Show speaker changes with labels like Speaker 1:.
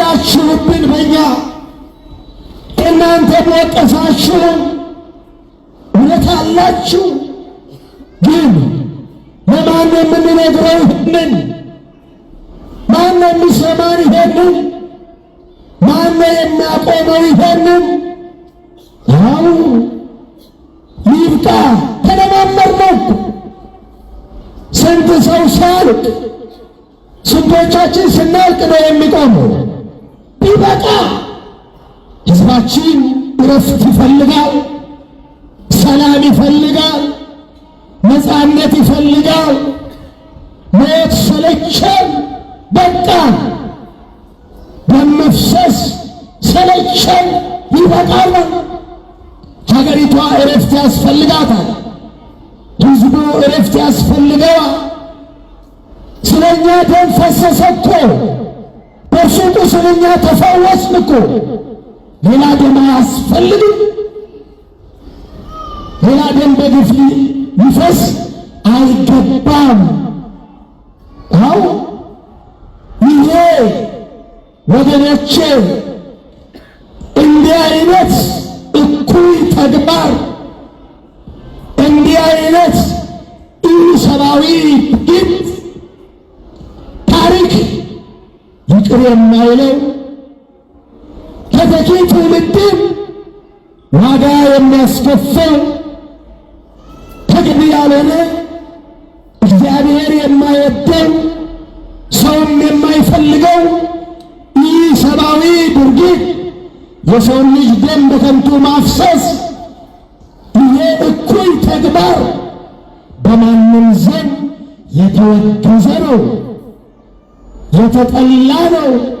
Speaker 1: ፈረዳችሁብን በኛ እናንተ ወቀሳችሁ፣ እውነት አላችሁ። ግን ለማን የምንነግረው ይህንን? ማን የሚሰማን ይሄንን? ማን የሚያቆመው ይሄንን? ያው ይብቃ። ተለማመር ስንት ሰው ሲያልቅ ስንቶቻችን ስናልቅ ነው የሚቆመው? ይበቃ። ህዝባችን እረፍት ይፈልጋል፣ ሰላም ይፈልጋል፣ ነፃነት ይፈልጋል። ማየት ሰለቸን፣ በቃ በመፍሰስ ሰለቸን፣ ይበቃል። ሀገሪቷ እረፍት ያስፈልጋታል። ህዝቡ እረፍት ያስፈልገዋል። ስለኛ ደም ፈሰሰ እኮ ስለኛ ተፈወስን እኮ ሌላ ደም አያስፈልግም። ሌላ ደም በግፍ ሊፈስ አይገባም። አው ይሄ ወገኖቼ እንዲህ አይነት እኩይ ተግባር እንዲህ አይነት ኢሰብአዊ ድምፅ ቅር የማይለው ተተኪ ትውልድም ዋጋ የሚያስከፈው ተገቢ ያልሆነ እግዚአብሔር የማይወደው ሰውም የማይፈልገው ይህ ሰብአዊ ድርጊት የሰውን ልጅ ደም በከንቱ ማፍሰስ ይሄ እኩይ ተግባር በማንም ዘንድ የተወገዘ ነው። የተጠላ ነው።